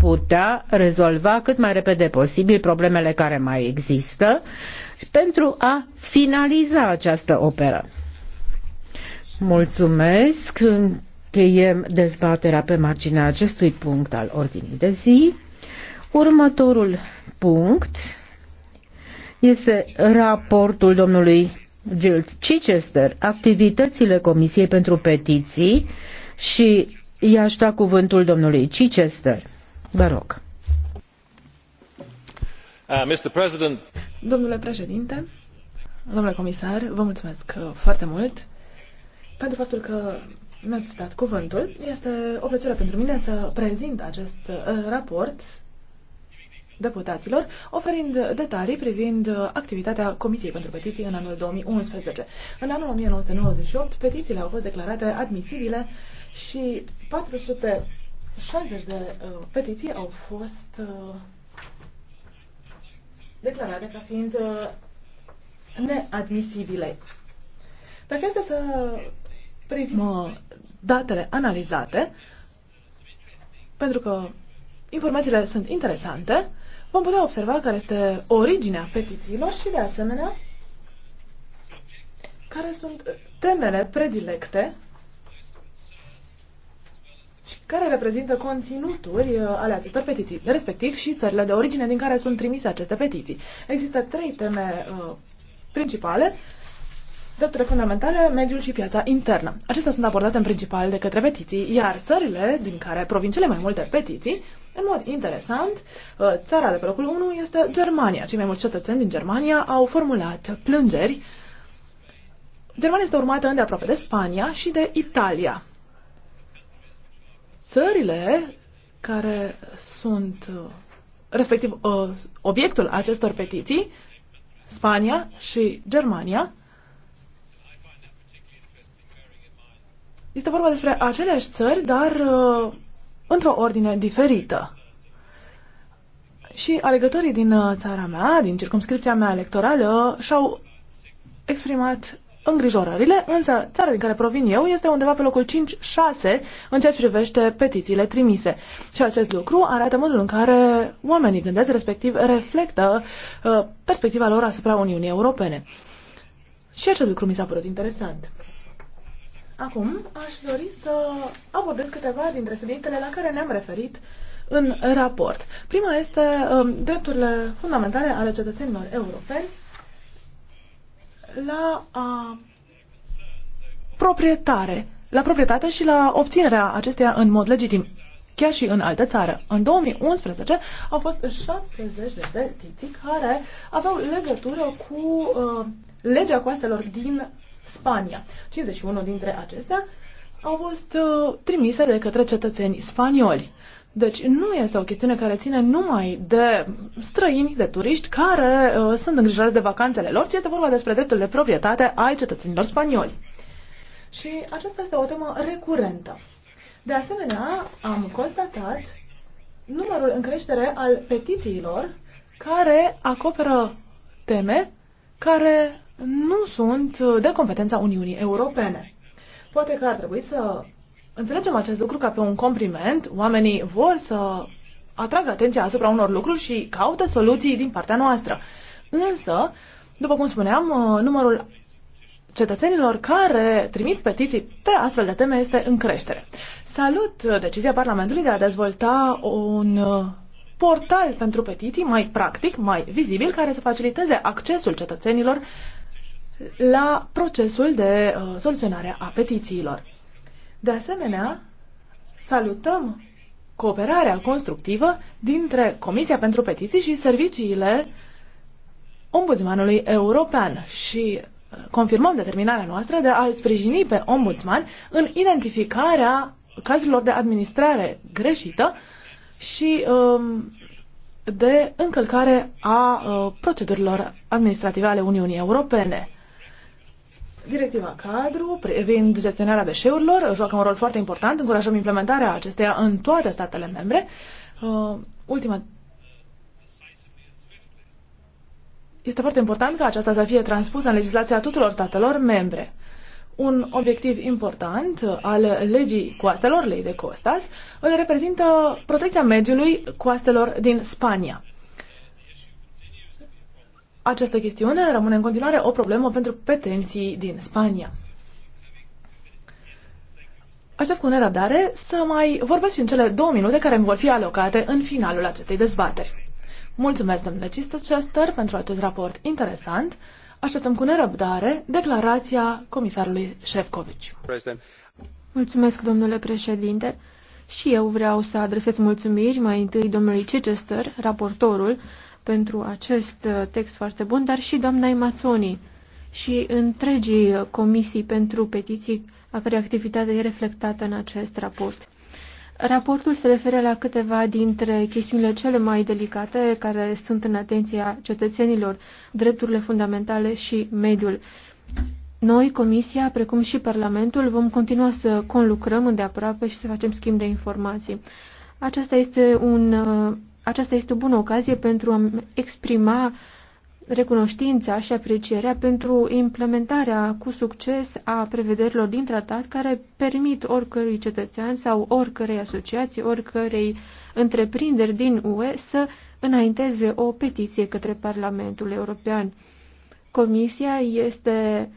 putea rezolva cât mai repede posibil problemele care mai există pentru a finaliza această operă. Mulțumesc. Încheiem dezbaterea pe marginea acestui punct al ordinii de zi. Următorul punct este raportul domnului Giles Chichester, activitățile Comisiei pentru Petiții și i-aș da cuvântul domnului Chichester. Uh, domnule președinte, domnule comisar, vă mulțumesc uh, foarte mult pentru faptul că mi-ați dat cuvântul. Este o plăcere pentru mine să prezint acest uh, raport deputaților, oferind detalii privind activitatea Comisiei pentru Petiții în anul 2011. În anul 1998, petițiile au fost declarate admisibile și 400 60 de uh, petiții au fost uh, declarate ca fiind uh, neadmisibile. Dacă este să privim uh, datele analizate, pentru că informațiile sunt interesante, vom putea observa care este originea petițiilor și, de asemenea, care sunt temele predilecte și care reprezintă conținuturi uh, ale acestor petiții, respectiv și țările de origine din care sunt trimise aceste petiții. Există trei teme uh, principale, drepturile fundamentale, mediul și piața internă. Acestea sunt abordate în principal de către petiții, iar țările din care provin cele mai multe petiții, în mod interesant, uh, țara de pe locul 1 este Germania. Cei mai mulți cetățeni din Germania au formulat plângeri Germania este urmată îndeaproape de Spania și de Italia țările care sunt uh, respectiv uh, obiectul acestor petiții, Spania și Germania, este vorba despre aceleași țări, dar uh, într-o ordine diferită. Și alegătorii din țara mea, din circumscripția mea electorală, și-au exprimat îngrijorările, însă țara din care provin eu este undeva pe locul 5-6 în ceea ce privește petițiile trimise. Și acest lucru arată modul în care oamenii gândesc, respectiv reflectă uh, perspectiva lor asupra Uniunii Europene. Și acest lucru mi s-a părut interesant. Acum aș dori să abordez câteva dintre subiectele la care ne-am referit în raport. Prima este um, drepturile fundamentale ale cetățenilor europeni la a, proprietare, la proprietate și la obținerea acesteia în mod legitim, chiar și în altă țară. În 2011 au fost 70 de petiții care aveau legătură cu uh, legea coastelor din Spania. 51 dintre acestea au fost uh, trimise de către cetățeni spanioli. Deci nu este o chestiune care ține numai de străini, de turiști care uh, sunt îngrijorați de vacanțele lor, ci este vorba despre dreptul de proprietate ai cetățenilor spanioli. Și aceasta este o temă recurentă. De asemenea, am constatat numărul în creștere al petițiilor care acoperă teme care nu sunt de competența Uniunii Europene. Poate că ar trebui să înțelegem acest lucru ca pe un compliment. Oamenii vor să atragă atenția asupra unor lucruri și caută soluții din partea noastră. Însă, după cum spuneam, uh, numărul cetățenilor care trimit petiții pe astfel de teme este în creștere. Salut decizia Parlamentului de a dezvolta un uh, portal pentru petiții mai practic, mai vizibil, care să faciliteze accesul cetățenilor la procesul de uh, soluționare a petițiilor. De asemenea, salutăm cooperarea constructivă dintre Comisia pentru Petiții și serviciile Ombudsmanului European și uh, confirmăm determinarea noastră de a-l sprijini pe ombudsman în identificarea cazurilor de administrare greșită și um, de încălcare a uh, procedurilor administrative ale Uniunii Europene. Directiva cadru privind gestionarea deșeurilor joacă un rol foarte important. Încurajăm implementarea acesteia în toate statele membre. Uh, ultima Este foarte important ca aceasta să fie transpusă în legislația tuturor statelor membre. Un obiectiv important al legii coastelor, lei de costas, îl reprezintă protecția mediului coastelor din Spania. Această chestiune rămâne în continuare o problemă pentru petenții din Spania. Aștept cu nerăbdare să mai vorbesc și în cele două minute care îmi vor fi alocate în finalul acestei dezbateri. Mulțumesc, domnule Chester, pentru acest raport interesant. Așteptăm cu nerăbdare declarația comisarului Șefcovici. Mulțumesc, domnule președinte. Și eu vreau să adresez mulțumiri mai întâi domnului Chichester, raportorul, pentru acest uh, text foarte bun, dar și doamnei Mazzoni și întregii uh, comisii pentru petiții a cărei activitate e reflectată în acest raport. Raportul se referă la câteva dintre chestiunile cele mai delicate care sunt în atenția cetățenilor, drepturile fundamentale și mediul. Noi, Comisia, precum și Parlamentul, vom continua să conlucrăm îndeaproape și să facem schimb de informații. Aceasta este un uh, aceasta este o bună ocazie pentru a exprima recunoștința și aprecierea pentru implementarea cu succes a prevederilor din tratat care permit oricărui cetățean sau oricărei asociații, oricărei întreprinderi din UE să înainteze o petiție către Parlamentul European. Comisia este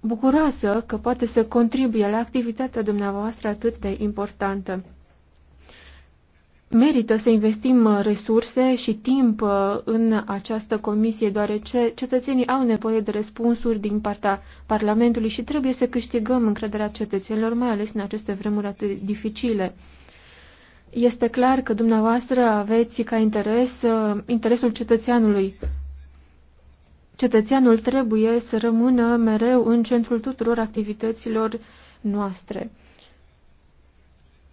bucuroasă că poate să contribuie la activitatea dumneavoastră atât de importantă. Merită să investim uh, resurse și timp uh, în această comisie, deoarece cetățenii au nevoie de răspunsuri din partea Parlamentului și trebuie să câștigăm încrederea cetățenilor, mai ales în aceste vremuri atât dificile. Este clar că dumneavoastră aveți ca interes uh, interesul cetățeanului. Cetățeanul trebuie să rămână mereu în centrul tuturor activităților noastre.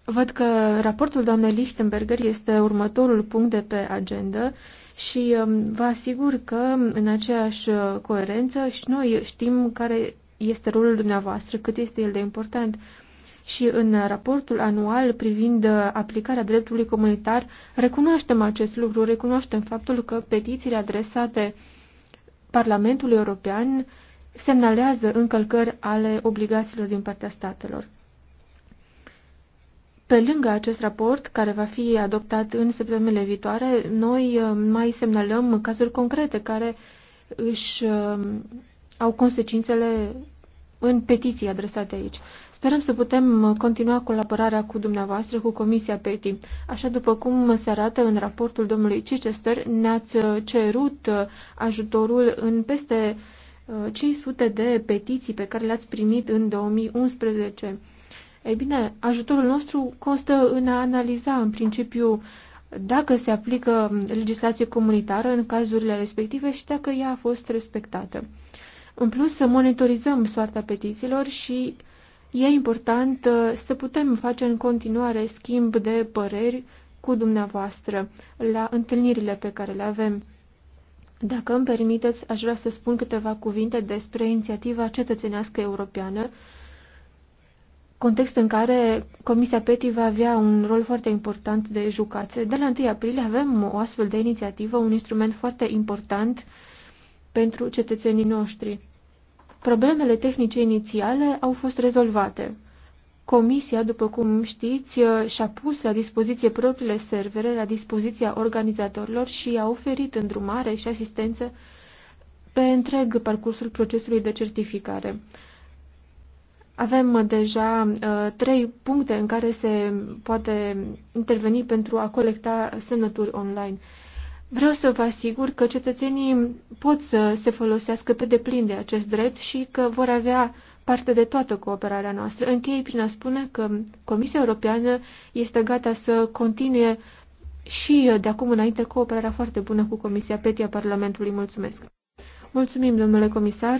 Văd că raportul doamnei Lichtenberger este următorul punct de pe agenda și um, vă asigur că în aceeași uh, coerență și noi știm care este rolul dumneavoastră, cât este el de important. Și în raportul anual privind uh, aplicarea dreptului comunitar recunoaștem acest lucru, recunoaștem faptul că petițiile adresate Parlamentului European semnalează încălcări ale obligațiilor din partea statelor. Pe lângă acest raport, care va fi adoptat în săptămânile viitoare, noi uh, mai semnalăm cazuri concrete care își uh, au consecințele în petiții adresate aici. Sperăm să putem uh, continua colaborarea cu dumneavoastră, cu Comisia PETI. Așa după cum se arată în raportul domnului Chichester, ne-ați cerut ajutorul în peste 500 de petiții pe care le-ați primit în 2011. Ei bine, ajutorul nostru constă în a analiza în principiu dacă se aplică legislație comunitară în cazurile respective și dacă ea a fost respectată. În plus, să monitorizăm soarta petițiilor și e important uh, să putem face în continuare schimb de păreri cu dumneavoastră la întâlnirile pe care le avem. Dacă îmi permiteți, aș vrea să spun câteva cuvinte despre inițiativa cetățenească europeană context în care Comisia PETI va avea un rol foarte important de jucat. De la 1 aprilie avem o astfel de inițiativă, un instrument foarte important pentru cetățenii noștri. Problemele tehnice inițiale au fost rezolvate. Comisia, după cum știți, și-a pus la dispoziție propriile servere la dispoziția organizatorilor și a oferit îndrumare și asistență pe întreg parcursul procesului de certificare. Avem deja uh, trei puncte în care se poate interveni pentru a colecta semnături online. Vreau să vă asigur că cetățenii pot să se folosească pe deplin de acest drept și că vor avea parte de toată cooperarea noastră. Închei prin a spune că Comisia Europeană este gata să continue și uh, de acum înainte cooperarea foarte bună cu Comisia PETI a Parlamentului. Mulțumesc! Mulțumim, domnule comisar!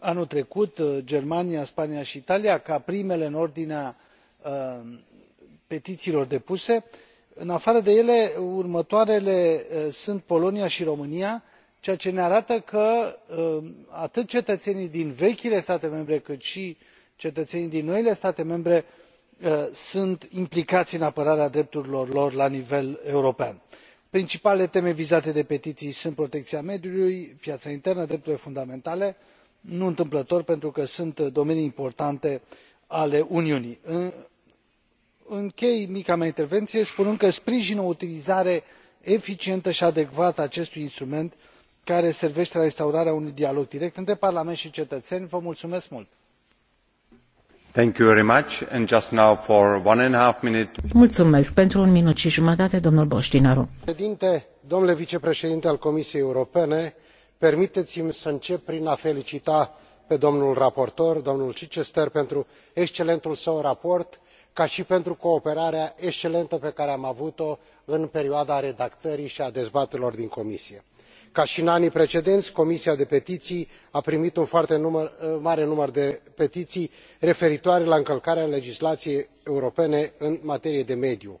anul trecut uh, germania spania i italia ca primele în ordinea uh, petiiilor depuse. în afară de ele următoarele uh, sunt polonia i românia ceea ce ne arată că atât cetăenii din vechile state membre cât i cetăenii din noile state membre sunt implicai în apărarea drepturilor lor la nivel european. principalele teme vizate de petiii sunt protecia mediului piaa internă drepturile fundamentale nu întâmplător pentru că sunt domenii importante ale uniunii. închei mica mea intervenție spunând că sprijin o utilizare eficientă și adecvată a acestui instrument care servește la instaurarea unui dialog direct între parlament și cetățeni. vă mulțumesc mult! Mulțumesc. Pentru un minut și jumătate, domnul Boștinaru. domnule vicepreședinte al comisiei europene permitei mi să încep prin a l felicita pe domnul raportor domnul chichester pentru excelentul său raport ca i pentru cooperarea excelentă pe care am avut o în perioada redactării i a dezbaterilor din comisie. ca i în anii precedeni comisia pentru petiii a primit un foarte uh, mare număr de petiii referitoare la încălcarea legislaiei europene în materie de mediu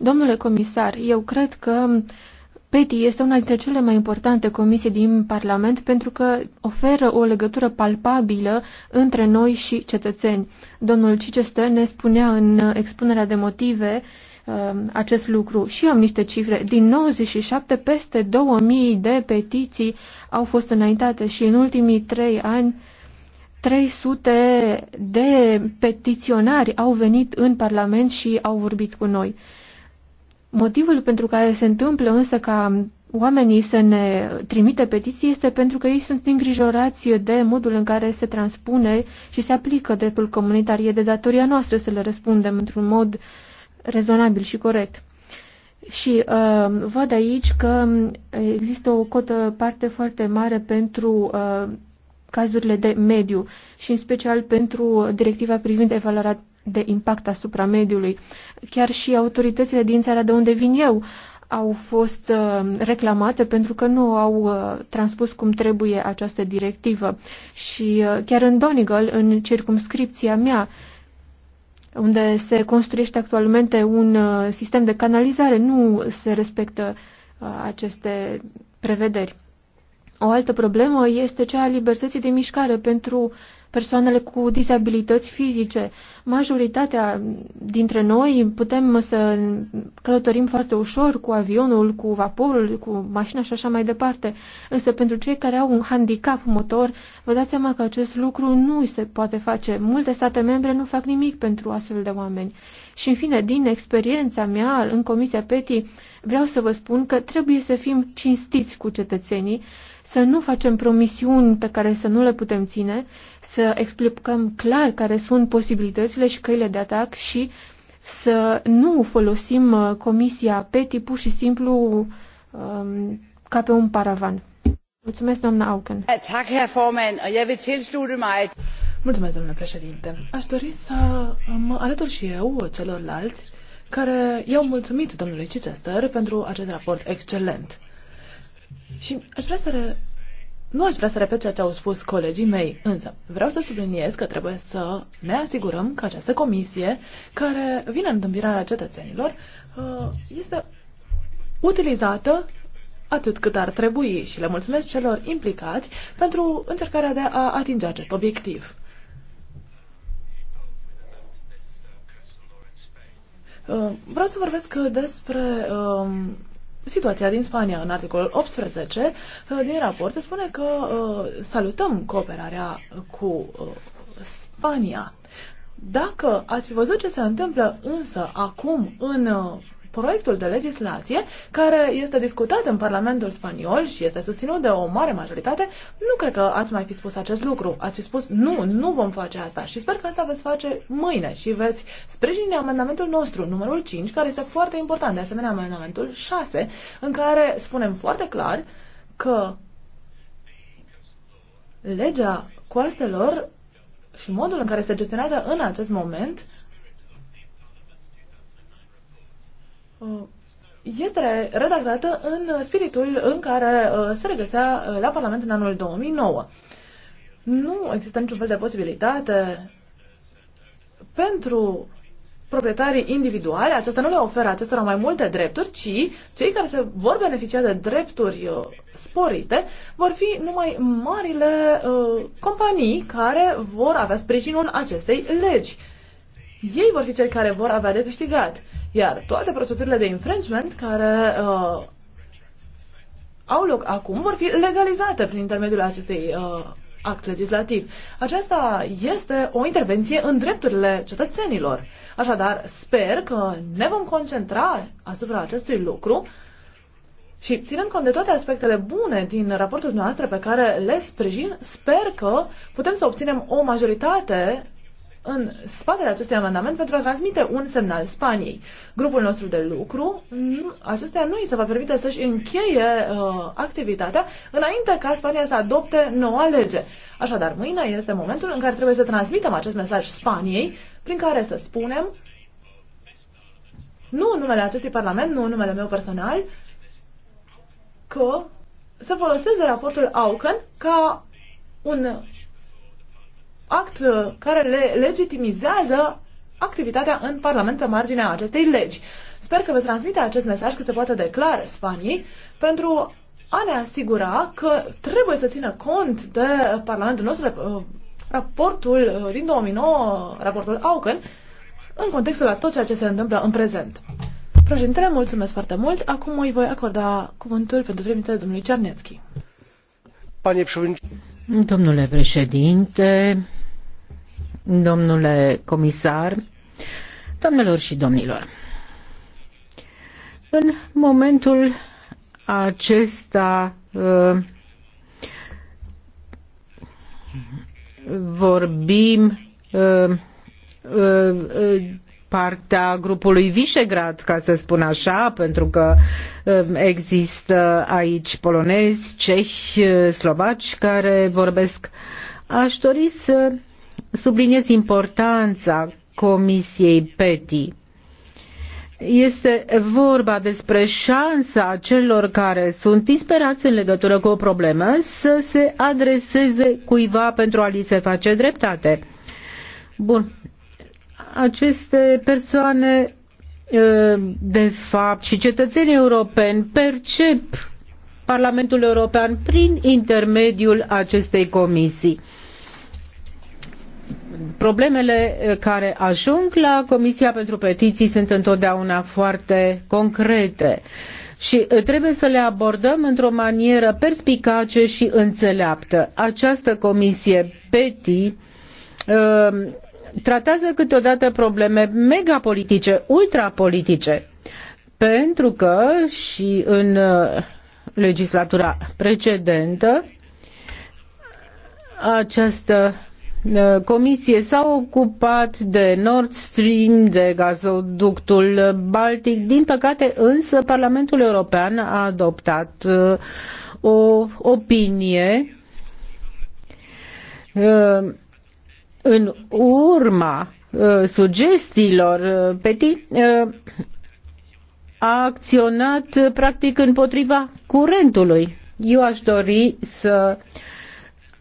Domnule comisar, eu cred că PETI este una dintre cele mai importante comisii din Parlament pentru că oferă o legătură palpabilă între noi și cetățeni. Domnul Cicester ne spunea în expunerea de motive um, acest lucru. Și eu am niște cifre. Din 97, peste 2000 de petiții au fost înaintate și în ultimii trei ani 300 de petiționari au venit în Parlament și au vorbit cu noi. Motivul pentru care se întâmplă însă ca oamenii să ne trimite petiții este pentru că ei sunt îngrijorați de modul în care se transpune și se aplică dreptul comunitar. E de datoria noastră să le răspundem într-un mod rezonabil și corect. Și uh, văd aici că există o cotă parte foarte mare pentru uh, cazurile de mediu și în special pentru directiva privind evaluarea de impact asupra mediului. Uh, Chiar și autoritățile din țara de unde vin eu au fost uh, reclamate pentru că nu au uh, transpus cum trebuie această directivă. Și uh, chiar în Donegal, în circumscripția mea, unde se construiește actualmente un sistem de canalizare, nu se respectă aceste prevederi. O altă problemă este cea a libertății de mișcare pentru persoanele cu dizabilități fizice. Majoritatea dintre noi putem să călătorim foarte ușor cu avionul, cu vaporul, cu mașina și așa mai departe. Însă pentru cei care au un handicap motor, vă dați seama că acest lucru nu se poate face. Multe state membre nu fac nimic pentru astfel de oameni. Și în fine, din experiența mea în Comisia PETI, vreau să vă spun că trebuie să fim cinstiți cu cetățenii să nu facem promisiuni pe care să nu le putem ține, să explicăm clar care sunt posibilitățile și căile de atac și să nu folosim uh, comisia pe tipul și simplu um, ca pe un paravan. Mulțumesc, doamna Auken. Mulțumesc, domnule președinte. Aș dori să mă alătur și eu celorlalți care i-au mulțumit domnului Chichester pentru acest raport excelent. Și aș vrea să re... nu aș vrea să repet ceea ce au spus colegii mei, însă vreau să subliniez că trebuie să ne asigurăm că această comisie, care vine în întâmpinarea cetățenilor, uh, este utilizată atât cât ar trebui și le mulțumesc celor implicați pentru încercarea de a atinge acest obiectiv. Uh, vreau să vorbesc despre um, situația din Spania. În articolul 18 uh, din raport se spune că uh, salutăm cooperarea cu uh, Spania. Dacă ați văzut ce se întâmplă însă acum în proiectul de legislație care este discutat în Parlamentul spaniol și este susținut de o mare majoritate, nu cred că ați mai fi spus acest lucru. Ați fi spus nu, nu vom face asta și sper că asta veți face mâine și veți sprijini amendamentul nostru, numărul 5, care este foarte important, de asemenea amendamentul 6, în care spunem foarte clar că legea coastelor și modul în care este gestionată în acest moment Uh, este redactată în spiritul în care uh, se regăsea uh, la Parlament în anul 2009. Nu există niciun fel de posibilitate pentru proprietarii individuale. aceasta nu le oferă acestora mai multe drepturi, ci cei care se vor beneficia de drepturi uh, sporite vor fi numai marile uh, companii care vor avea sprijinul acestei legi. Ei vor fi cei care vor avea de câștigat. Iar toate procedurile de infringement care uh, au loc acum vor fi legalizate prin intermediul acestui uh, act legislativ. Aceasta este o intervenție în drepturile cetățenilor. Așadar, sper că ne vom concentra asupra acestui lucru și ținând cont de toate aspectele bune din raportul noastră pe care le sprijin, sper că putem să obținem o majoritate în spatele acestui amendament pentru a transmite un semnal Spaniei. Grupul nostru de lucru, acestea nu îi se va permite să-și încheie uh, activitatea înainte ca Spania să adopte noua lege. Așadar, mâine este momentul în care trebuie să transmitem acest mesaj Spaniei, prin care să spunem, nu în numele acestui Parlament, nu în numele meu personal, că să foloseze raportul Auken ca un act uh, care le legitimizează activitatea în Parlament pe marginea acestei legi. Sper că veți transmite acest mesaj cât se poate de clar Spaniei pentru a ne asigura că trebuie să țină cont de Parlamentul nostru, de uh, raportul uh, din 2009, raportul Auken, în contextul la tot ceea ce se întâmplă în prezent. Președintele, mulțumesc foarte mult. Acum îi voi acorda cuvântul pentru trimitele domnului Cernețchi. Domnule președinte, domnule comisar, doamnelor și domnilor. În momentul acesta uh, vorbim uh, uh, partea grupului Visegrad, ca să spun așa, pentru că există aici polonezi, cehi, slovaci care vorbesc. Aș dori să subliniez importanța Comisiei PETI. Este vorba despre șansa celor care sunt disperați în legătură cu o problemă să se adreseze cuiva pentru a li se face dreptate. Bun. Aceste persoane, ă, de fapt, și cetățenii europeni percep Parlamentul European prin intermediul acestei comisii problemele eh, care ajung la Comisia pentru Petiții sunt întotdeauna foarte concrete și eh, trebuie să le abordăm într-o manieră perspicace și înțeleaptă. Această Comisie PETI eh, tratează câteodată probleme megapolitice, ultrapolitice, pentru că și în legislatura precedentă această Ă, comisie s-a ocupat de Nord Stream, de gazoductul Baltic. Din păcate, însă, Parlamentul European a adoptat ă, o opinie ă, în urma sugestiilor Peti, a acționat practic împotriva curentului. Eu aș dori să uh,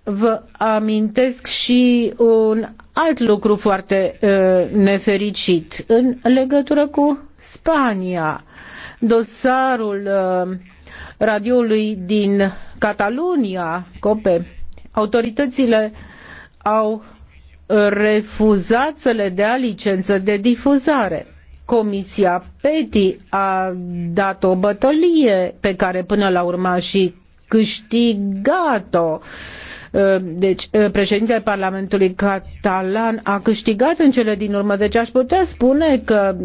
vă amintesc și un alt lucru foarte uh, nefericit în legătură cu Spania. Dosarul uh, radioului din Catalunia, COPE, autoritățile au refuzat să le dea licență de difuzare. Comisia PETI a dat o bătălie pe care până la urmă, și câștigat-o. Uh, Uh, deci, uh, președintele Parlamentului catalan a câștigat în cele din urmă. Deci, aș putea spune că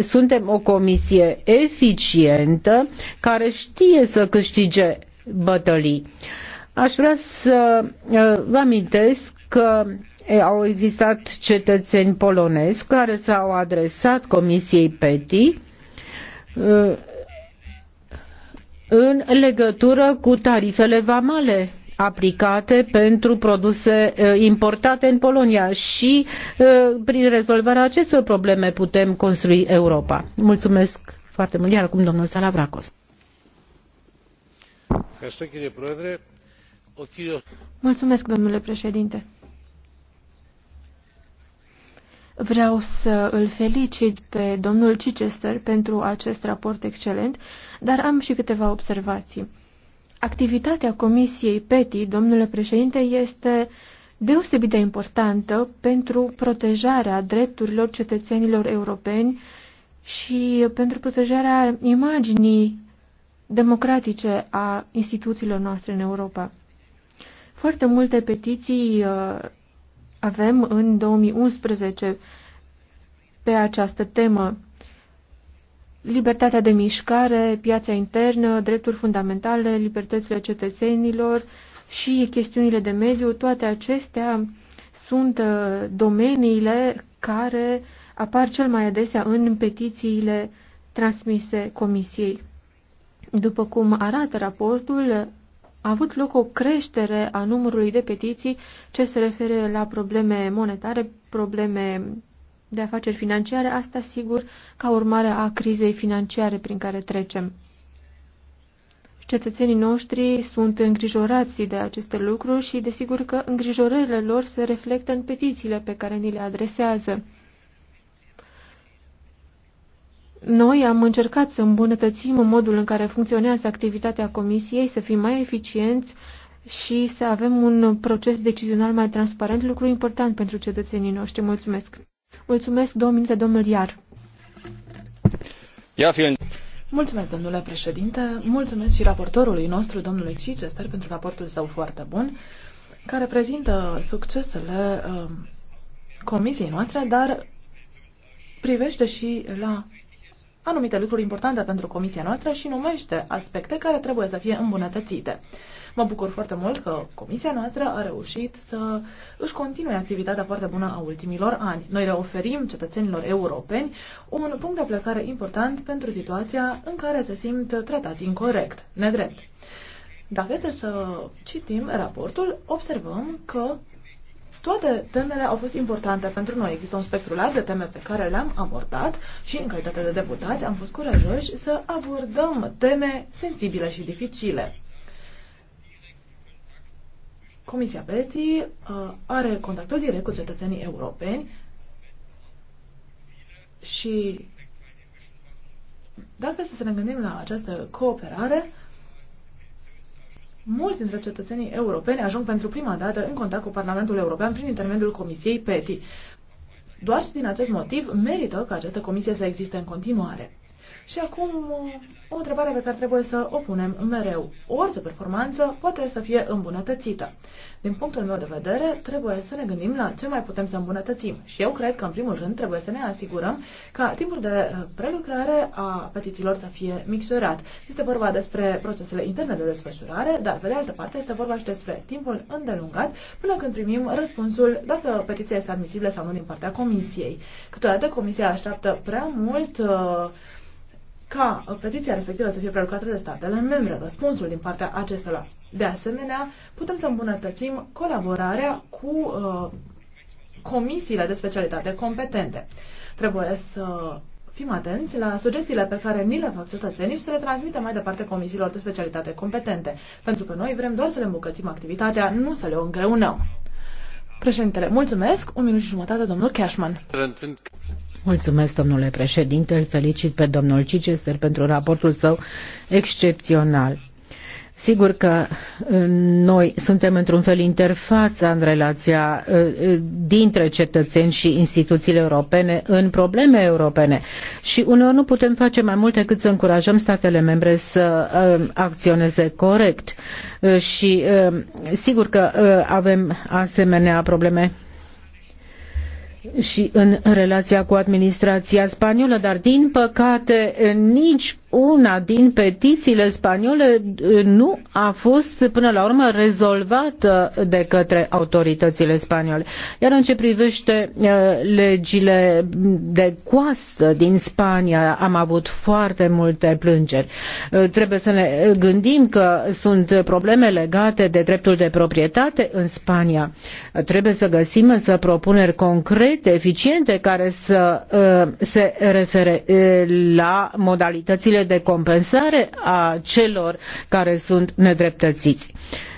suntem o comisie eficientă care știe să câștige bătălii. Aș vrea să uh, vă amintesc că eh, au existat cetățeni polonezi care s-au adresat Comisiei PETI în legătură cu tarifele vamale aplicate pentru produse eh, importate în Polonia și eh, prin rezolvarea acestor probleme putem construi Europa. Mulțumesc foarte mult. Iar acum domnul Salavracos. Mulțumesc, domnule președinte. Vreau să îl felicit pe domnul Chichester pentru acest raport excelent, dar am și câteva observații. Activitatea Comisiei PETI, domnule președinte, este deosebit de importantă pentru protejarea drepturilor cetățenilor europeni și pentru protejarea imaginii democratice a instituțiilor noastre în Europa. Foarte multe petiții uh, avem în 2011 pe această temă libertatea de mișcare, piața internă, drepturi fundamentale, libertățile cetățenilor și chestiunile de mediu, toate acestea sunt uh, domeniile care apar cel mai adesea în petițiile transmise Comisiei. După cum arată raportul, a avut loc o creștere a numărului de petiții ce se referă la probleme monetare, probleme de afaceri financiare, asta sigur ca urmare a crizei financiare prin care trecem. Cetățenii noștri sunt îngrijorați de aceste lucruri și desigur că îngrijorările lor se reflectă în petițiile pe care ni le adresează. Noi am încercat să îmbunătățim modul în care funcționează activitatea Comisiei, să fim mai eficienți și să avem un proces decizional mai transparent, lucru important pentru cetățenii noștri. Mulțumesc! Mulțumesc, domnule domnul Iar. Ia fiind... Mulțumesc, domnule președinte, mulțumesc și raportorului nostru, domnului Cicester, pentru raportul său foarte bun, care prezintă succesele uh, comisiei noastre, dar privește și la anumite lucruri importante pentru comisia noastră și numește aspecte care trebuie să fie îmbunătățite. Mă bucur foarte mult că comisia noastră a reușit să își continue activitatea foarte bună a ultimilor ani. Noi le oferim cetățenilor europeni un punct de plecare important pentru situația în care se simt tratați incorrect, nedrept. Dacă este să citim raportul, observăm că toate temele au fost importante pentru noi. Există un spectru larg de teme pe care le-am abordat și, în calitate de deputați, am fost curajoși să abordăm teme sensibile și dificile. Comisia Peții uh, are contactul direct cu cetățenii europeni și dacă să ne gândim la această cooperare, uh, mulți dintre cetățenii europeni ajung pentru prima dată în contact cu Parlamentul European prin intermediul Comisiei PETI. Doar și din acest motiv merită ca această comisie să existe în continuare. Și acum o întrebare pe care trebuie să o punem mereu. Orice performanță poate să fie îmbunătățită. Din punctul meu de vedere, trebuie să ne gândim la ce mai putem să îmbunătățim. Și eu cred că, în primul rând, trebuie să ne asigurăm ca timpul de uh, prelucrare a petițiilor să fie micșorat. Este vorba despre procesele interne de desfășurare, dar, pe de altă parte, este vorba și despre timpul îndelungat până când primim răspunsul dacă petiția este admisibilă sau nu din partea comisiei. Câteodată comisia așteaptă prea mult uh, ca uh, petiția respectivă să fie prelucrată de statele membre, răspunsul din partea acestora. De asemenea, putem să îmbunătățim colaborarea cu uh, comisiile de specialitate competente. Trebuie să fim atenți la sugestiile pe care ni le fac cetățenii și să le transmitem mai departe comisiilor de specialitate competente, pentru că noi vrem doar să le îmbucățim activitatea, nu să le o îngreunăm. Președintele, mulțumesc. Un minut și jumătate, domnul Cashman. Mulțumesc, domnule președinte, îl felicit pe domnul Cicester pentru raportul său excepțional. Sigur că uh, noi suntem într-un fel interfața în relația uh, dintre cetățeni și instituțiile europene în probleme europene și uneori nu putem face mai mult decât să încurajăm statele membre să uh, acționeze corect și sigur că avem asemenea probleme și în relația cu administrația spaniolă, dar din păcate nici una din petițiile spaniole nu a fost până la urmă rezolvată de către autoritățile spaniole. Iar în ce privește uh, legile de coastă din Spania, am avut foarte multe plângeri. Uh, trebuie să ne gândim că sunt probleme legate de dreptul de proprietate în Spania. Uh, trebuie să găsim însă propuneri concrete, eficiente, care să se refere la modalitățile măsurile de compensare a celor care sunt nedreptățiți.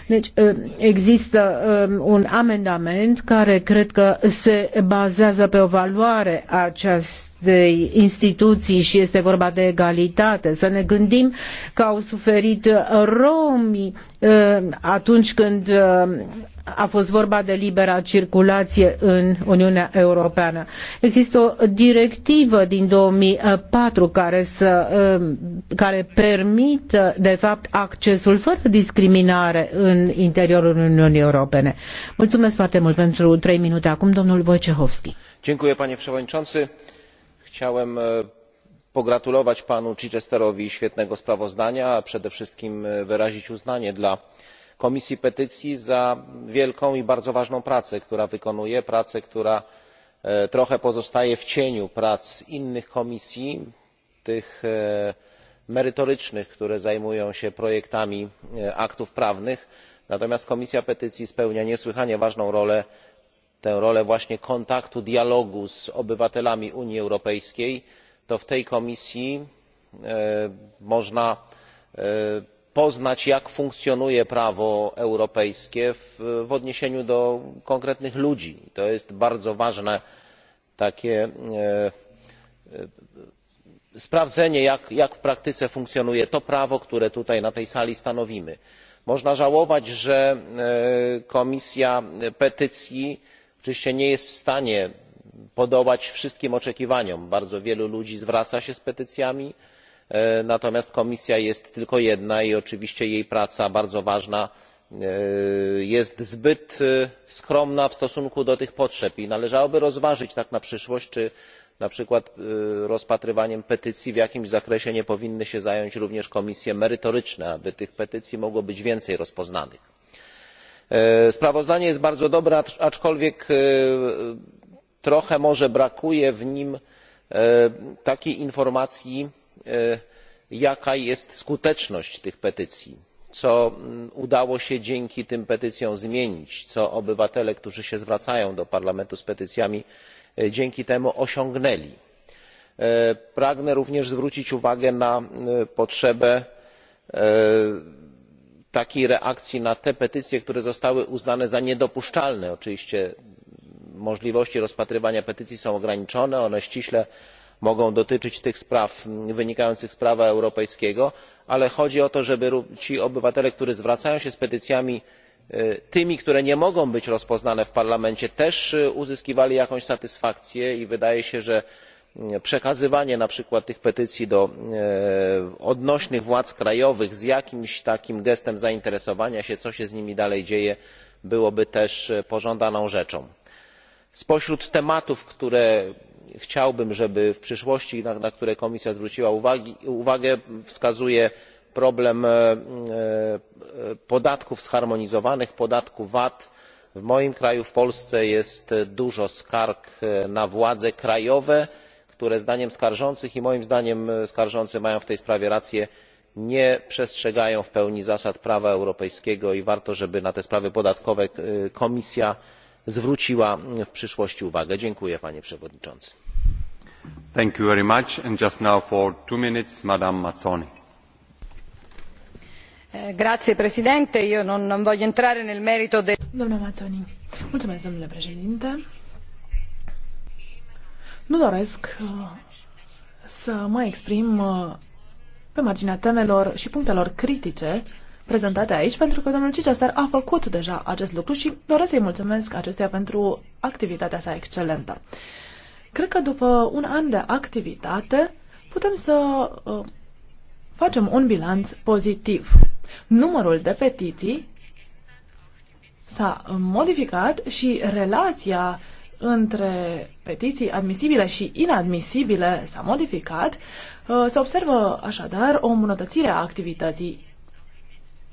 Deci ă, există ă, un amendament care cred că se bazează pe o valoare a acest de instituții și este vorba de egalitate. Să ne gândim că au suferit romii uh, atunci când uh, a fost vorba de libera circulație în Uniunea Europeană. Există o directivă din 2004 care, să, uh, care permită, de fapt, accesul fără discriminare în interiorul Uniunii Europene. Mulțumesc foarte mult pentru trei minute. Acum, domnul Wojciechowski. Dziękuję, panie przewodniczący chciałem pogratulować panu chichesterowi świetnego sprawozdania a przede wszystkim wyrazić uznanie dla komisji petycji za wielką i bardzo ważną pracę którą wykonuje pracę która trochę pozostaje w cieniu prac innych komisji tych merytorycznych które zajmują się projektami aktów prawnych natomiast komisja petycji spełnia niesłychanie ważną rolę tę rolę właśnie kontaktu dialogu z obywatelami unii europejskiej to w tej komisji można poznać jak funkcjonuje prawo europejskie w odniesieniu do konkretnych ludzi. to jest bardzo ważne takie sprawdzenie jak w praktyce funkcjonuje to prawo które tutaj na tej sali stanowimy. można żałować że komisja petycji oczywiście nie jest w stanie podołać wszystkim oczekiwaniom bardzo wielu ludzi zwraca się z petycjami natomiast komisja jest tylko jedna i oczywiście jej praca bardzo ważna jest zbyt skromna w stosunku do tych potrzeb i należałoby rozważyć tak na przyszłość czy na przykład rozpatrywaniem petycji w jakimś zakresie nie powinny się zająć również komisje merytoryczne aby tych petycji mogło być więcej rozpoznanych sprawozdanie jest bardzo dobre aczkolwiek trochę może brakuje w nim takiej informacji jaka jest skuteczność tych petycji co mm, udało się dzięki tym petycjom zmienić co obywatele którzy się zwracają do parlamentu z petycjami dzięki temu osiągnęli. pragnę również zwrócić uwagę na potrzebę takiej reakcji na te petycje które zostały uznane za niedopuszczalne oczywiście możliwości rozpatrywania petycji są ograniczone one ściśle mogą dotyczyć tych spraw mm, wynikających z prawa europejskiego ale chodzi o to żeby ci obywatele którzy zwracają się z petycjami tymi które nie mogą być rozpoznane w parlamencie też uzyskiwali jakąś satysfakcję i wydaje się że przekazywanie na przykład tych petycji do odnośnych władz krajowych z jakimś takim gestem zainteresowania się co się z nimi dalej dzieje byłoby też pożądaną rzeczą. spośród tematów które chciałbym żeby w przyszłości na które komisja zwróciła uwagę wskazuję problem podatków zharmonizowanych podatku vat. w moim kraju w polsce jest dużo skarg na władze krajowe które zdaniem skarżących i moim zdaniem skarżący mają w tej sprawie rację nie przestrzegają w pełni zasad prawa europejskiego i warto żeby na te sprawy podatkowe komisja zwróciła w przyszłości uwagę. dziękuję panie przewodniczący. Nu doresc uh, să mă exprim uh, pe marginea temelor și punctelor critice prezentate aici, pentru că domnul Cicester a făcut deja acest lucru și doresc să-i mulțumesc acestuia pentru activitatea sa excelentă. Cred că după un an de activitate putem să uh, facem un bilanț pozitiv. Numărul de petiții s-a modificat și relația între petiții admisibile și inadmisibile s-a modificat, uh, se observă așadar o îmbunătățire a activității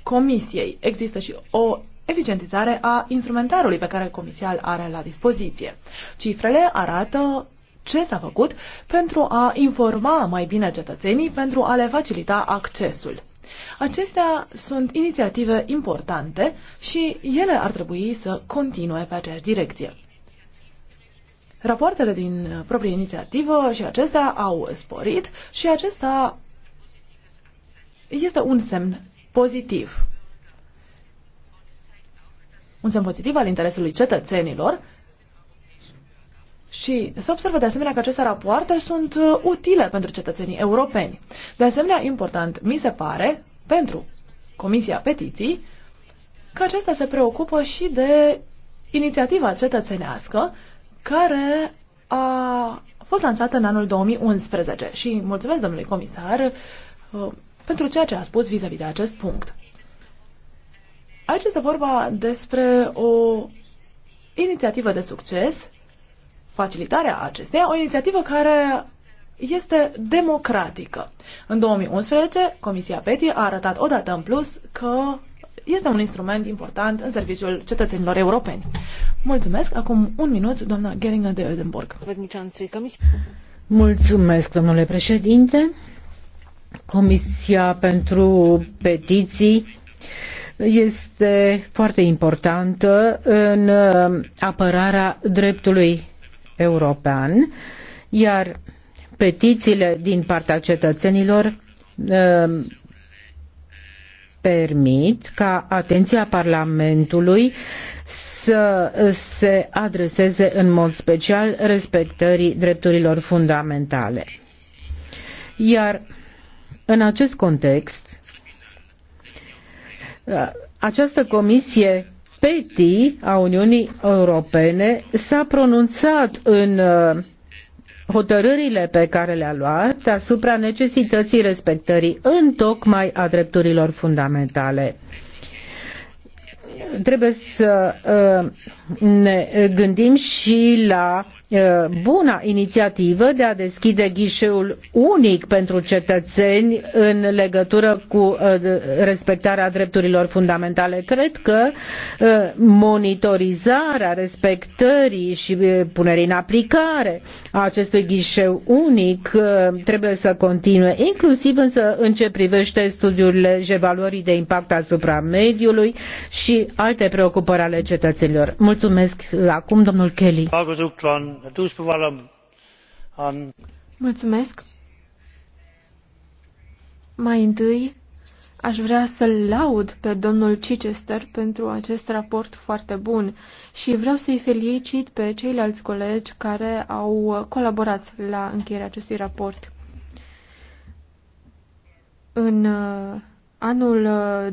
Comisiei. Există și o eficientizare a instrumentarului pe care Comisia îl are la dispoziție. Cifrele arată ce s-a făcut pentru a informa mai bine cetățenii, pentru a le facilita accesul. Acestea sunt inițiative importante și ele ar trebui să continue pe aceeași direcție rapoartele din proprie inițiativă și acestea au sporit și acesta este un semn pozitiv. Un semn pozitiv al interesului cetățenilor și se observă de asemenea că aceste rapoarte sunt utile pentru cetățenii europeni. De asemenea, important mi se pare pentru Comisia Petiții că acesta se preocupă și de inițiativa cetățenească care a fost lansată în anul 2011 și mulțumesc domnului comisar uh, pentru ceea ce a spus vis-a-vis -vis de acest punct. Aici este vorba despre o inițiativă de succes, facilitarea acesteia, o inițiativă care este democratică. În 2011, Comisia PETI a arătat odată în plus că este un instrument important în serviciul cetățenilor europeni. Mulțumesc. Acum un minut, doamna Geringer de Edinburgh. Mulțumesc, domnule președinte. Comisia pentru petiții este foarte importantă în apărarea dreptului european, iar petițiile din partea cetățenilor permit ca atenția Parlamentului să se adreseze în mod special respectării drepturilor fundamentale. Iar în acest context, această comisie PETI a Uniunii Europene s-a pronunțat în uh, hotărârile pe care le-a luat asupra necesității respectării întocmai a drepturilor fundamentale trebuie să uh, ne gândim și la uh, buna inițiativă de a deschide ghișeul unic pentru cetățeni în legătură cu uh, respectarea drepturilor fundamentale. Cred că monitorizarea respectării și punerii în aplicare a acestui ghișeu unic trebuie să continue, inclusiv însă în ce privește studiurile și evaluării de impact asupra mediului și alte preocupări ale cetăenilor. Mulțumesc acum, domnul Kelly. Mulțumesc. Mai întâi, aș vrea să-l laud pe domnul Chichester pentru acest raport foarte bun și vreau să-i felicit pe ceilalți colegi care au colaborat la încheierea acestui raport. În uh, anul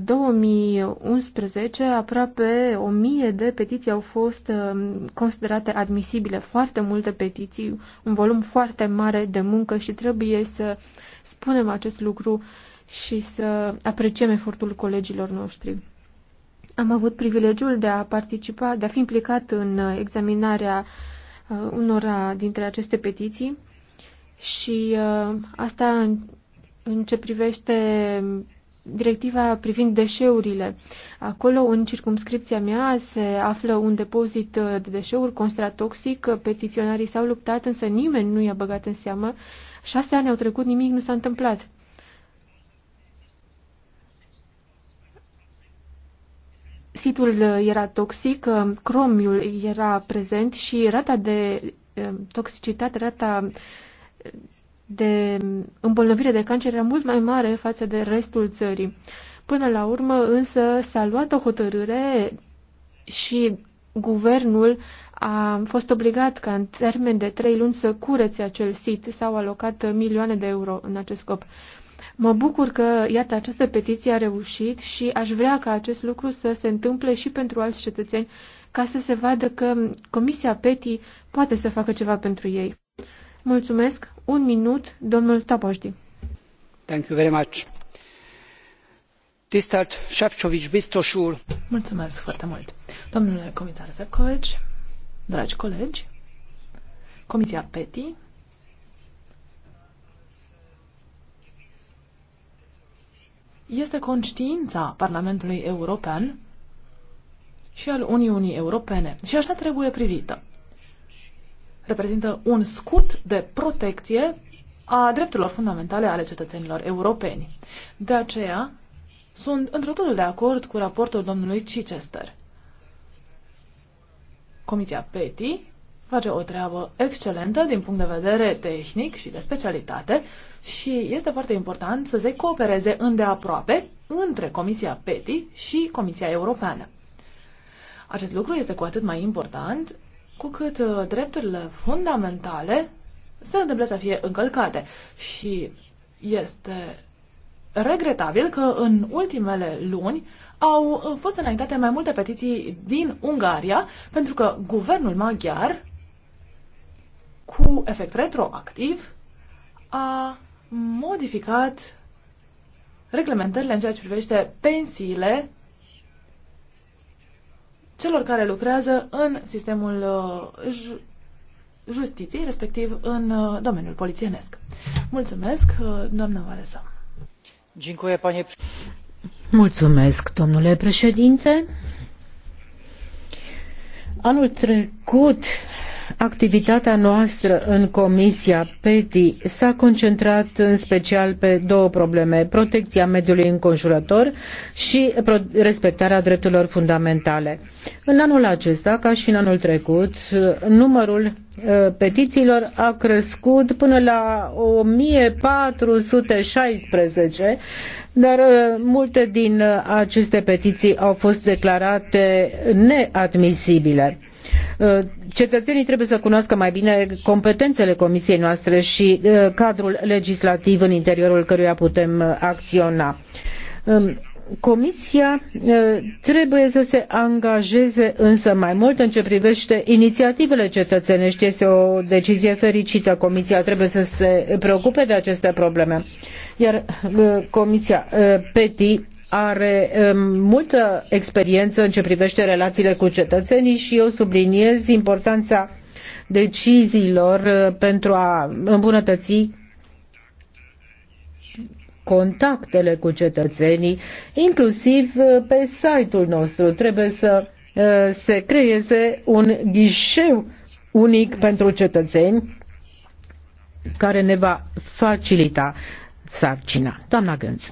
2011 uh, aproape o mie de petiții au fost uh, considerate admisibile, foarte multe petiții, un volum foarte mare de muncă și trebuie să spunem acest lucru și să apreciem efortul colegilor noștri. Am avut privilegiul de a participa, de a fi implicat în uh, examinarea unora dintre aceste petiții și asta în ce privește directiva privind deșeurile. Acolo, în circumscripția mea, se află un depozit de deșeuri considerat toxic. Petiționarii s-au luptat, însă nimeni nu i-a băgat în seamă. Șase ani au trecut, nimic nu s-a întâmplat. Situl era toxic, cromiul era prezent și rata de eh, toxicitate, rata de îmbolnăvire de cancer era mult mai mare față de restul țării. Până la urmă, însă, s-a luat o hotărâre și guvernul a fost obligat ca în termen de trei luni să curețe acel sit. S-au alocat milioane de euro în acest scop. Mă bucur că, iată, această petiție a reușit și aș vrea ca acest lucru să se întâmple și pentru alți cetățeni, ca să se vadă că Comisia PETI poate să facă ceva pentru ei. Mulțumesc! Un minut, domnul Tapașdi. Thank you very much. Tisztelt Sefcovics biztos úr! Mulțumesc foarte mult! Domnule comisar Sefcovics, dragi colegi, Comisia PETI este conștiința Parlamentului European și al Uniunii Europene și așa trebuie privită reprezintă un scut de protecție a drepturilor fundamentale ale cetățenilor europeni. De aceea, sunt într totul de acord cu raportul domnului Chichester. Comisia PETI face o treabă excelentă din punct de vedere tehnic și de specialitate și este foarte important să se coopereze îndeaproape între Comisia PETI și Comisia Europeană. Acest lucru este cu atât mai important cu cât uh, drepturile fundamentale se întâmplă să fie încălcate. Și este regretabil că în ultimele luni au uh, fost înaintate mai multe petiții din Ungaria pentru că guvernul maghiar, cu efect retroactiv, a modificat reglementările în ceea ce privește pensiile celor care lucrează în sistemul uh, justiției, respectiv în uh, domeniul polițienesc. Mulțumesc, uh, doamnă Valesa. Mulțumesc, domnule președinte. Anul trecut Activitatea noastră în Comisia PETI s-a concentrat în special pe două probleme, protecția mediului înconjurător și respectarea drepturilor fundamentale. În anul acesta, ca și în anul trecut, numărul ă, petițiilor a crescut până la 1416, dar ă, multe din aceste petiții au fost declarate neadmisibile. Uh, cetățenii trebuie să cunoască mai bine competențele comisiei noastre și uh, cadrul legislativ în interiorul căruia putem uh, acționa. Um, comisia trebuie să se angajeze însă mai mult în ce privește inițiativele cetățenești. Este o decizie fericită. Comisia trebuie să se preocupe de aceste probleme. Iar Comisia PETI are um, multă experiență în ce privește relațiile cu cetățenii și eu subliniez importanța deciziilor uh, pentru a îmbunătăți contactele cu cetățenii, inclusiv uh, pe site-ul nostru. Trebuie să uh, se creeze un ghișeu unic pentru cetățeni care ne va facilita sarcina. Doamna Gânț.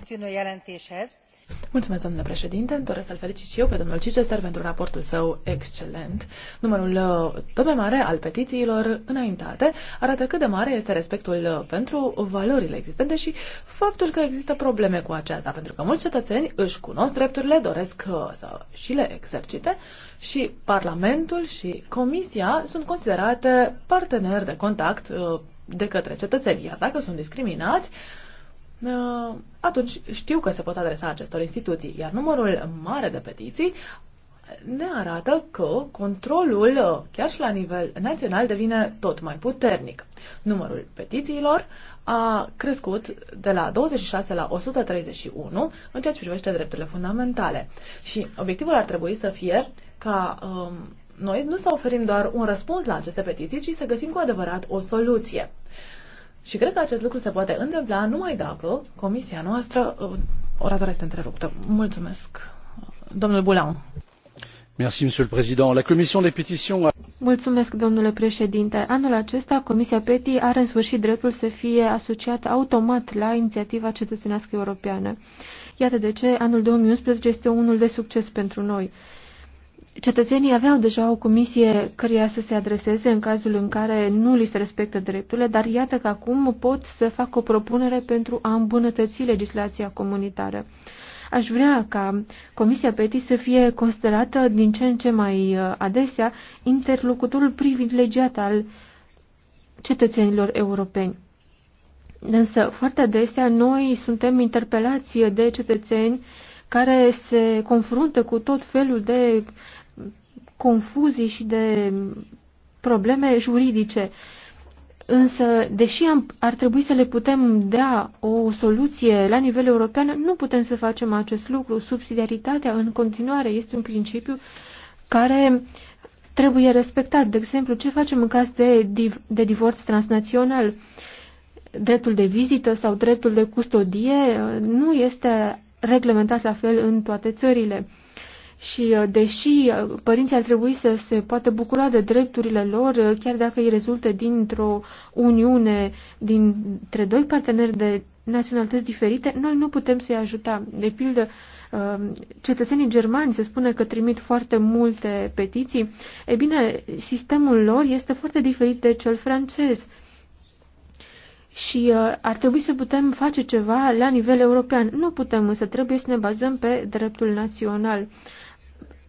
Mulțumesc, domnule președinte. Doresc să-l felicit și eu pe domnul Cicester pentru raportul său excelent. Numărul uh, tot mai mare al petițiilor înaintate arată cât de mare este respectul uh, pentru valorile existente și faptul că există probleme cu aceasta, pentru că mulți cetățeni își cunosc drepturile, doresc uh, să și le exercite și Parlamentul și Comisia sunt considerate parteneri de contact de către cetățeni. Iar dacă sunt discriminați, Uh, atunci știu că se pot adresa acestor instituții. Iar numărul mare de petiții ne arată că controlul, uh, chiar și la nivel național, devine tot mai puternic. Numărul petițiilor a crescut de la 26 la 131 în ceea ce privește drepturile fundamentale. Și obiectivul ar trebui să fie ca um, noi nu să oferim doar un răspuns la aceste petiții, ci să găsim cu adevărat o soluție. Și cred că acest lucru se poate întâmpla numai dacă comisia noastră... Uh, Oratora este întreruptă. Mulțumesc. Domnul Bulau. Merci, monsieur le président. La commission des pétitions a... Mulțumesc, domnule președinte. Anul acesta, Comisia PETI are în sfârșit dreptul să fie asociată automat la inițiativa cetățenească europeană. Iată de ce anul 2011 este unul de succes pentru noi cetățenii aveau deja o comisie căreia să se adreseze în cazul în care nu li se respectă drepturile, dar iată că acum pot să fac o propunere pentru a îmbunătăți legislația comunitară. Aș vrea ca Comisia PETI să fie considerată din ce în ce mai uh, adesea interlocutorul privilegiat al cetățenilor europeni. Însă, foarte adesea, noi suntem interpelați de cetățeni care se confruntă cu tot felul de confuzii și de probleme juridice. Însă, deși am, ar trebui să le putem da o soluție la nivel european, nu putem să facem acest lucru. Subsidiaritatea în continuare este un principiu care trebuie respectat. De exemplu, ce facem în caz de, div- de divorț transnațional? Dreptul de vizită sau dreptul de custodie uh, nu este reglementat la fel în toate țările. Și uh, deși uh, părinții ar trebui să se poată bucura de drepturile lor, uh, chiar dacă îi rezultă dintr-o uniune dintre doi parteneri de naționalități diferite, noi nu putem să-i ajuta. De pildă, cetățenii germani se spune că trimit foarte multe petiții. E bine, sistemul lor este foarte diferit de cel francez. Și ar trebui să putem face ceva la nivel european. Nu putem, însă trebuie să ne bazăm pe dreptul național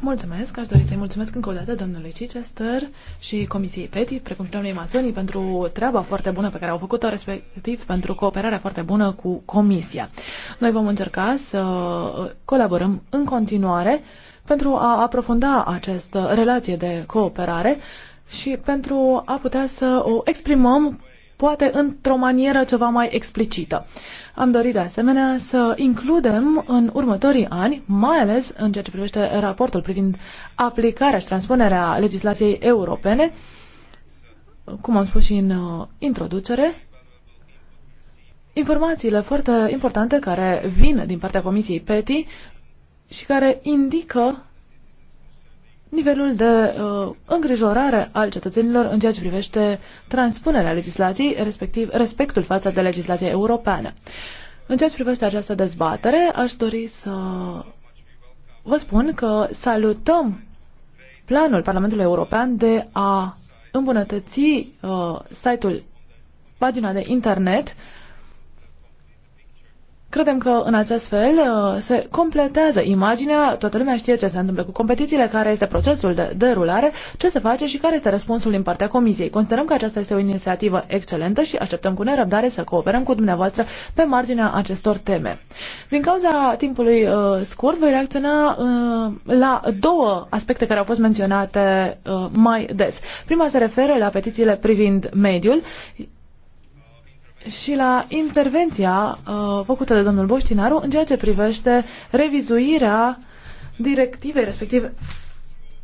Mulțumesc, aș dori să-i mulțumesc încă o dată domnului Chichester și Comisiei PETI, precum și domnului Mazzoni, pentru treaba foarte bună pe care au făcut-o, respectiv pentru cooperarea foarte bună cu Comisia. Noi vom încerca să uh, colaborăm în continuare pentru a aprofunda această relație de cooperare și pentru a putea să o exprimăm poate într-o manieră ceva mai explicită. Am dorit de asemenea să includem în următorii ani, mai ales în ceea ce privește raportul privind aplicarea și transpunerea legislației europene, cum am spus și în uh, introducere, informațiile foarte importante care vin din partea Comisiei PETI și care indică nivelul de uh, îngrijorare al cetățenilor în ceea ce privește transpunerea legislației, respectiv respectul față de legislația europeană. În ceea ce privește această dezbatere, aș dori să vă spun că salutăm planul Parlamentului European de a îmbunătăți uh, site-ul, pagina de internet uh, Credem că în acest fel uh, se completează imaginea, toată lumea știe ce se întâmplă cu competițiile, care este procesul de derulare, ce se face și care este răspunsul din partea Comisiei. Considerăm că aceasta este o inițiativă excelentă și așteptăm cu nerăbdare să cooperăm cu dumneavoastră pe marginea acestor teme. Din cauza timpului uh, scurt, voi reacționa uh, la două aspecte care au fost menționate mai des. Prima se referă la petițiile privind mediul și la intervenția uh, făcută de domnul Boștinaru în ceea ce privește revizuirea directivei, respectiv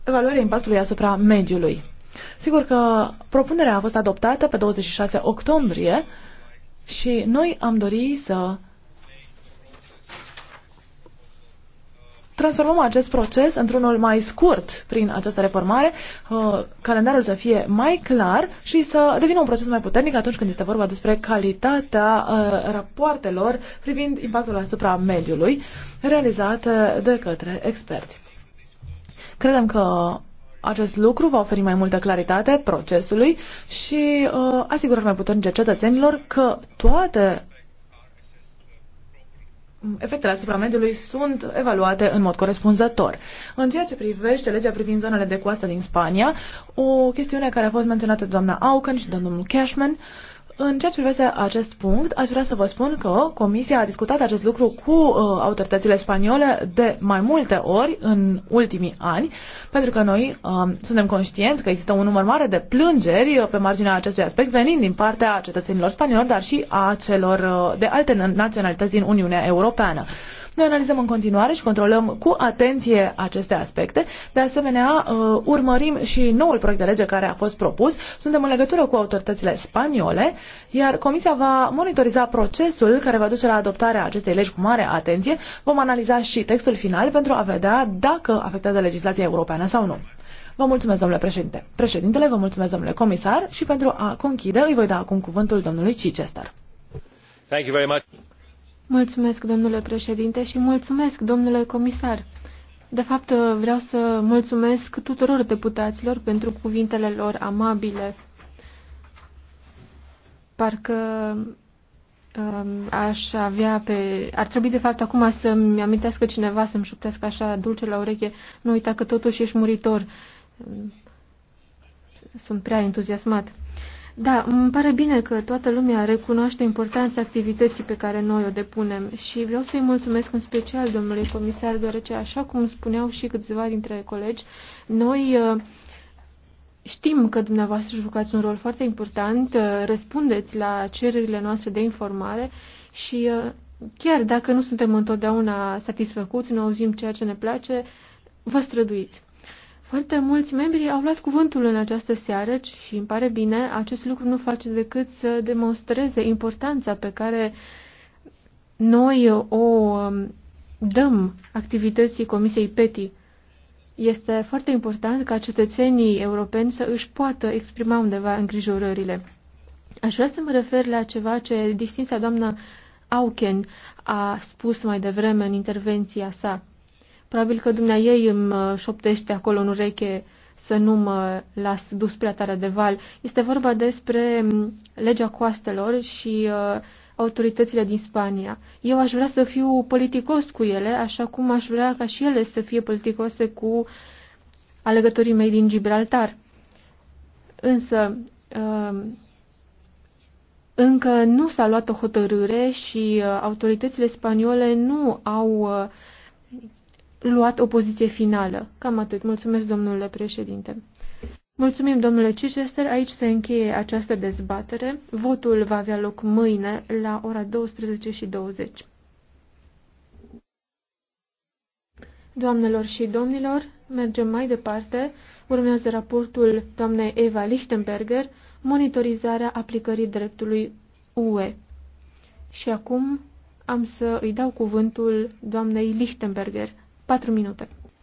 evaluarea impactului asupra mediului. Sigur că propunerea a fost adoptată pe 26 octombrie și noi am dorit să transformăm acest proces într-unul mai scurt prin această reformare, uh, calendarul să fie mai clar și să devină un proces mai puternic atunci când este vorba despre calitatea uh, rapoartelor privind impactul asupra mediului realizate de către experți. Credem că acest lucru va oferi mai multă claritate procesului și uh, asigurări mai puternice cetățenilor că toate efectele asupra mediului sunt evaluate în mod corespunzător. În ceea ce privește legea privind zonele de coastă din Spania, o chestiune care a fost menționată de doamna Auken și de domnul Cashman, în ceea ce privește acest punct, aș vrea să vă spun că Comisia a discutat acest lucru cu uh, autoritățile spaniole de mai multe ori în ultimii ani, pentru că noi uh, suntem conștienți că există un număr mare de plângeri pe marginea acestui aspect venind din partea cetățenilor spanioli, dar și a celor uh, de alte naționalități din Uniunea Europeană. Uh, noi analizăm în continuare și controlăm cu atenție aceste aspecte. De asemenea, uh, urmărim și noul proiect de lege care a fost propus. Suntem în legătură cu autoritățile spaniole, iar Comisia va monitoriza procesul care va duce la adoptarea acestei legi cu mare atenție. Vom analiza și textul final pentru a vedea dacă afectează legislația europeană sau nu. Vă mulțumesc, domnule președinte. Președintele, vă mulțumesc, domnule comisar, și pentru a conchide îi voi da acum cuvântul domnului Chichester. Thank you very much. Mulțumesc, domnule președinte, și mulțumesc, domnule comisar. De fapt, vreau să mulțumesc tuturor deputaților pentru cuvintele lor amabile. Parcă um, aș avea pe... Ar trebui, de fapt, acum să-mi amintească cineva, să-mi șuptesc așa dulce la ureche. Nu uita că totuși ești muritor. Sunt prea entuziasmat. Da, îmi pare bine că toată lumea recunoaște importanța activității pe care noi o depunem și vreau să-i mulțumesc în special domnului comisar, deoarece, așa cum spuneau și câțiva dintre colegi, noi uh, știm că dumneavoastră jucați un rol foarte important, uh, răspundeți la cererile noastre de informare și uh, chiar dacă nu suntem întotdeauna satisfăcuți, nu auzim ceea ce ne place, vă străduiți. Foarte mulți membri au luat cuvântul în această seară și îmi pare bine, acest lucru nu face decât să demonstreze importanța pe care noi o um, dăm activității Comisiei PETI. Este foarte important ca cetățenii europeni să își poată exprima undeva îngrijorările. Aș vrea să mă refer la ceva ce distinsa doamna Auken a spus mai devreme în intervenția sa. Probabil că dumnea ei îmi uh, șoptește acolo în ureche să nu mă las dus prea tare de val. Este vorba despre mm, legea coastelor și uh, autoritățile din Spania. Eu aș vrea să fiu politicos cu ele, așa cum aș vrea ca și ele să fie politicose cu alegătorii mei din Gibraltar. Însă, uh, încă nu s-a luat o hotărâre și uh, autoritățile spaniole nu au uh, luat o poziție finală. Cam atât. Mulțumesc, domnule președinte. Mulțumim, domnule Chichester. Aici se încheie această dezbatere. Votul va avea loc mâine la ora 12 și 20. Doamnelor și domnilor, mergem mai departe. Urmează raportul doamnei Eva Lichtenberger, monitorizarea aplicării dreptului UE. Și acum am să îi dau cuvântul doamnei Lichtenberger. 4 minute.